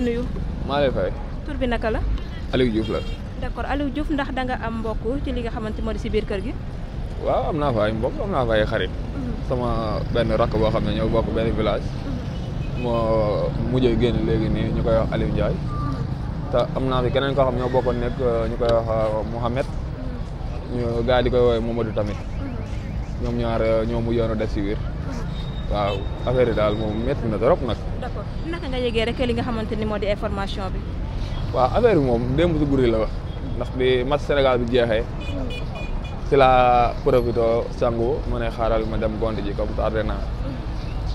nuyu. maa lay fay. tur bi naka la. Aliou juuf la. d'accord Aliou Diouf ndax da nga am mbokk ci li nga xamante moo di si biir kër gi. waaw am naa fa ay mbokk am naa fa xarit. Mm-hmm. sama benn rakk boo xam ne ñoo bokk benn village. Mm-hmm. moo mujjee génn léegi nii ñu koy wax Aliou Ndiaye. Mm-hmm. te am naa fi keneen koo xam ñoo bokkoon nekk euh, ñu koy wax euh, Mouhamed. ñu gars yi di koy woowee Momadou tamit. ñoom ñaar euh, ñoo mujjoon a def si waaw affaire daal moom metti na trop nag. d'accord naka nga yëgee rek li nga xamante ni moo di information bi. waaw affaire bi moom démb si guddi la wax ndax bi match Sénégal bi jeexee si la profité sangu mu ne xaaral ma dem gont ji comme tardé naa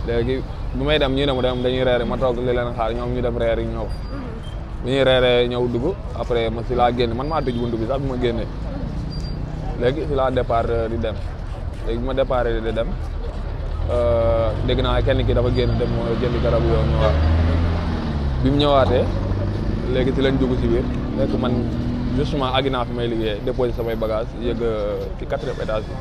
léegi bu may dem ñu ne mu dem dañuy reere ma toog li leen xaar ñoom ñu dem reer yi ñëw mhm. bi ñuy ñëw dugg après ma si laa génn man maa tëj buntu bi sax bi ma génnee léegi si laa départ di dem léegi bi ma départ di dem. Euh, dégg naa kenn ki dafa génn dem jëndi garab yooyu ñëwaat bi mu ñëwaatee léegi ci lañ dugg ci biir fekk man justement àgg naa fi may liggéey déposé samay bagage yëg euh, ci quatrième étage bi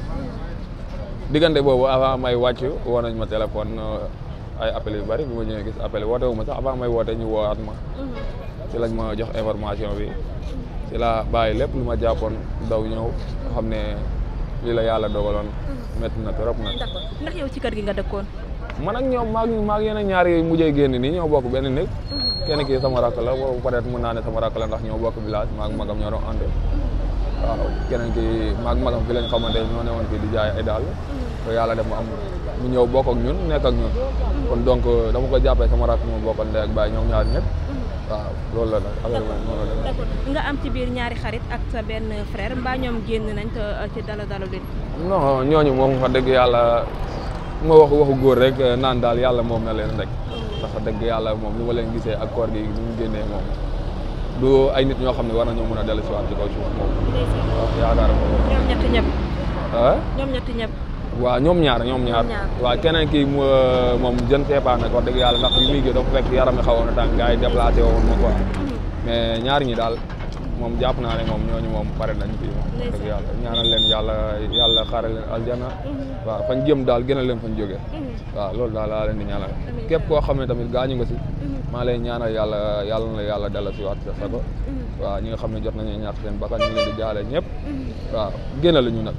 diggante boobu avant may wàcc woo nañ ma téléphone euh, ay appel yu bari bi ma ñëwee gis appel woote wu ma sax avant may woote ñu woowaat ma mm-hmm. ci lañ ma jox information bi ci laa bàyyi lépp lu ma jàppoon daw ñëw xam ne lii la yàlla dogaloon. métti mm-hmm. na trop nag. d'accord ndax yow ci kër gi nga dëkkoon. man ak ñoom maa ngi ñaar yooyu mujjee génn nii ñoo bokk benn néeg. Mm-hmm. kenn kii sama rakk la boobu peut être mën naa ne sama rakk la ndax ñoo bokk village maa ngi magam ñoo doon ànd. Mm-hmm. waaw keneen kii maa ngi magam fi lañ xamante ñoo newoon fii di jaay ay daal. yàlla def ma am mu ñëw bokk ak ñun nekk ak ñun. kon donc dama ko jàppee sama rakk mu bokkal ndey baay ñoom ñaar ñëpp waaw loolu la nag affaire moom noonu la. d'accord nga am ci biir ñaari xarit ak sa benn frère mbaa ñoom génn nañ te euh, ci dala dalu leen. non ñooñu moom wax dëgg yàlla ma wax waxu góor rek euh, naan daal yàlla moom na leen rek. ndax dëgg yàlla moom li ma leen gisee ak koor gi ni mu génnee moom du ay nit ñoo xam ne war nañoo mën a dellu si waat ci kaw suuf moom. yaakaar naa ñoom ñetti ñëpp. waaw ñoom ñaar ñoom ñaar waaw keneen kii euh, moom jën seepaa nag wax dëgg yàlla ndax bi muy gé dafa fekk yaram mi xawoon na tàng gars yi déplacé woon ma quoi mm-hmm. mais ñaar ñi daal moom jàpp naa ne moom ñooñu moom pare nañ fii moom dëgg yàlla ñaanal leen yàlla yàlla xaaral leen aljana mhm. waaw fañ jëm daal gënal leen fañ jógee mhm. waaw loolu daal laa leen di ñaanal képp koo xam ne tamit gaañu nga si mhm. maa lay ñaanal yàlla yàlla na yàlla dala si waat sa sago waaw ñi nga xam ne jot nañu ñàkk seen bakkan ñu leen di jaale ñëpp waaw gënal ñu nag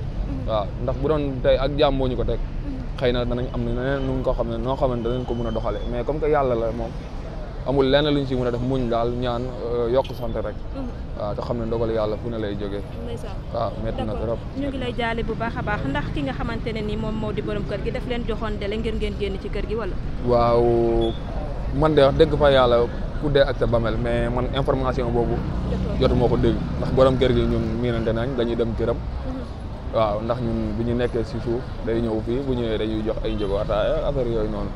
waaw ndax bu doon tey ak jàmm moo ñu ko teg xëy na danañ am na neneen nu ko xam ne noo xamante danañ ko mën a doxale mais comme que yàlla la moom amul lenn luñ ci mën a def muñ daal ñaan euh, yokk sant rek. Mhm. waaw te xam ne ndogal yàlla fu ne lay jógee. waaw metti na trop ñu ngi lay jaale bu baax a baax ndax ki nga xamante ne nii moom moo di borom kër gi daf leen joxoon délai ngir ngeen génn ci kër gi wala. waaw man de wax dëgg fa yàlla ku dee ak sa bamel mais man information boobu. jotu moo ko dégg ndax borom kër gi ñun miinante nañ dañuy dem këram. Mhm. waaw ndax bu ñu nekkee si suuf day ñëw fii bu ñëwee dañuy jox ay njëgu affaire yooyu noonu.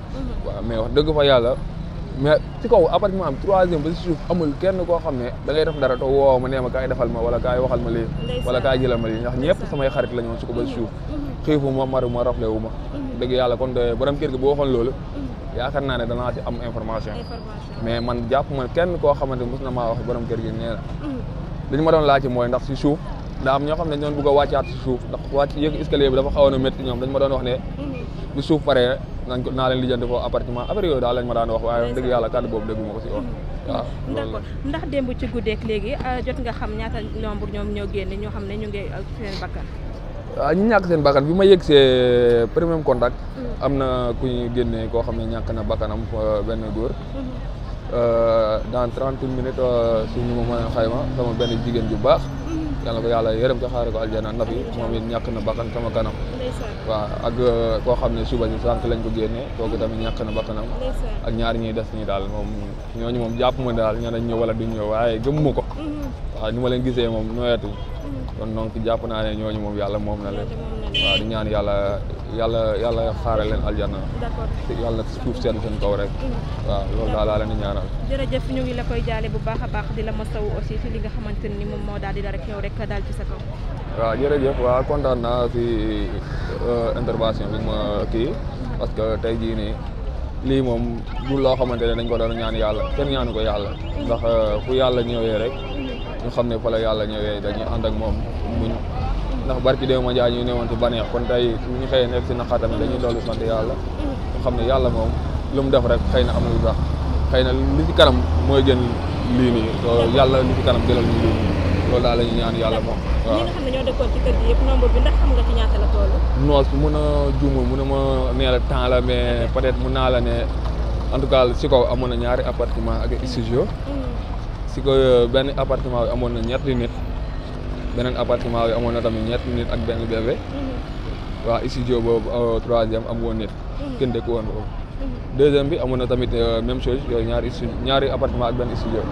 Mhm. dëgg fa yàlla. mais ci kaw appartement am troisième ba si suuf amul kenn koo xam ne da ngay def dara to woo ma nee ma kaay defal ma wala kaay waxal ma lii wala kaay jëlal ma lii ndax ñëpp samay xarit la ñoon si ko ba si suuf mm-hmm. Mm-hmm. xiifu ma maru mm-hmm. yàlla kon de borom kër gi boo waxoon loolu naa ne danaa ci am information mais man jàpp ma kenn koo xamante mos na maa wax borom kër nee na ma doon laaj mooy ndax si suuf ndax am ñoo xam ne ñoon bëgg a wàccaat si suuf ndax wàcc yëg escalier bi dafa xawoon a métti ñoom dañ ma doon wax ne bu suuf paree nañ ko naa leen lijjanti foofu appartement affaire yooyu daal lañ ma daan wax waaye wax dëgg yàlla kàddu boobu dégguma ko si woon waaw d'accord ndax démb ci guddeeg léegi euh, jot nga xam ñaata nombre ñoom ñoo génne ñoo xam ne ñu ngi euh, seen bakkan waaw ah, ñu ñàkk seen bakkan bi ma yëg see premier contact mm. am na ku ñu génne koo xam ne ñàkk na bakkanam euh, benn góor mm-hmm. dans trente minutes su ñu ma mën a xayma sama benn jigéen ju baax yàlla na ko yàlla yërëm ko xaare ko aljana nabi moom it ñàkk na bakkan sama kanam waaw ak euh, koo xam ne suba ñu sànq lañ ko génnee kooku tamit ñàkk na bakkanam ak ñaar ñuy des ñi daal moom ñooñu moom jàpp ma daal ña nañ ñëw wala duñ ñëw waaye gëmuma ko mm-hmm. waaw ni ma leen gisee moom nooyeetuñ mm-hmm. kon donc jàpp naa ne ñooñu moom yàlla moom na leen waaw di ñaan yàlla yàlla yàlla xaaral leen aljana. d'accord yàlla suuf seen seen kaw rek. Mm. waaw loolu daal laa leen ñaanal. jërëjëf ñu ngi la koy jaale bu baax a baax di la masawu aussi ci li nga xamante ni moom moo daal di dara ñëw rek waaw jërëjëf waaw kontaan naa si euh, intervention bi ma kii mm. parce que tey jii nii lii moom loo xamante ne dañ ko doon ñaan yàlla kenn ñaanu ko yàlla. Mm. ndax euh, fu yàlla ñëwee rek ñu xam ne fa la yàlla ñëwee dañuy ànd ak moom muñ. ndax barki déew ma jaay ñu newoon ci baneex kon tey bu ñu xëyee nekk si naqar tamit dañuy dolli sant yàlla xam ne yàlla moom lu mu def rek xëy na am lu tax xëy na li ci kanam mooy gën lii nii yàlla li ci kanam jëlal ñu lii nii loolu daal la ñu ñaan yàlla moom waaw ñi noos mun a juumul mu a ma nee la temps la mais peut-être mun naa la ne en tout cas si ko amoon na ñaari appartement ak studio mm. si ko euh, benn apartement bi amoon na ñetti nit beneen appartement bi amoon na tamit ñett nit ak benn bébé mhm. waaw studio boobu euh, troisième am woon nit mhm. kenn dëkk woon boobu mhm. deuxième bi amoon na tamit euh, même chose yooyu ñaari studio ñaari appartement benn studio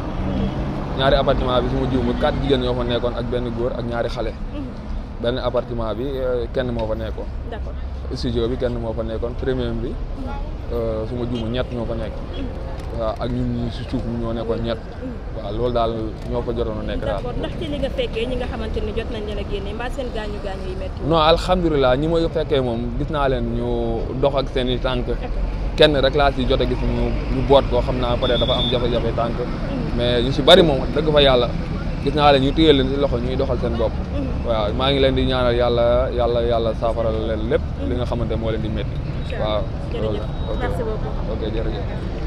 ñaari appartement bi su ma jiw mu quatre jigéen ñoo fa nekkoon ak benn góor ak ñaari xale benn appartement euh, bi kenn moo fa nekkoon studio bi kenn moo fa nekkoon premier bi Euh, su ma juuma ñett ñoo ko nekk waaw ak ñun ñu si suuf ñoo nekkoon ñett waaw loolu daal ñoo fa jotoon a nekk daal. ndax ci li nga fekkee ñi nga xamante jot nañ la génne mbaa seen gaañu gaañu yi métti. alhamdulilah ñi ma fekkee moom gis naa leen ñu dox ak seeni tànk. kenn rek laa si jot a gis ñu ñu boot koo xam naa peut-être dafa am jafe-jafe tànk. Mm. mais ñu si bari moom dëgg fa yàlla. gis naa leen ñu téye leen si loxo ñuy doxal seen bopp mhm. waaw maa ngi leen di ñaanal yàlla yàlla yàlla saafara leen lépp li nga xamante moo leen di métti waaw ok jërëjëf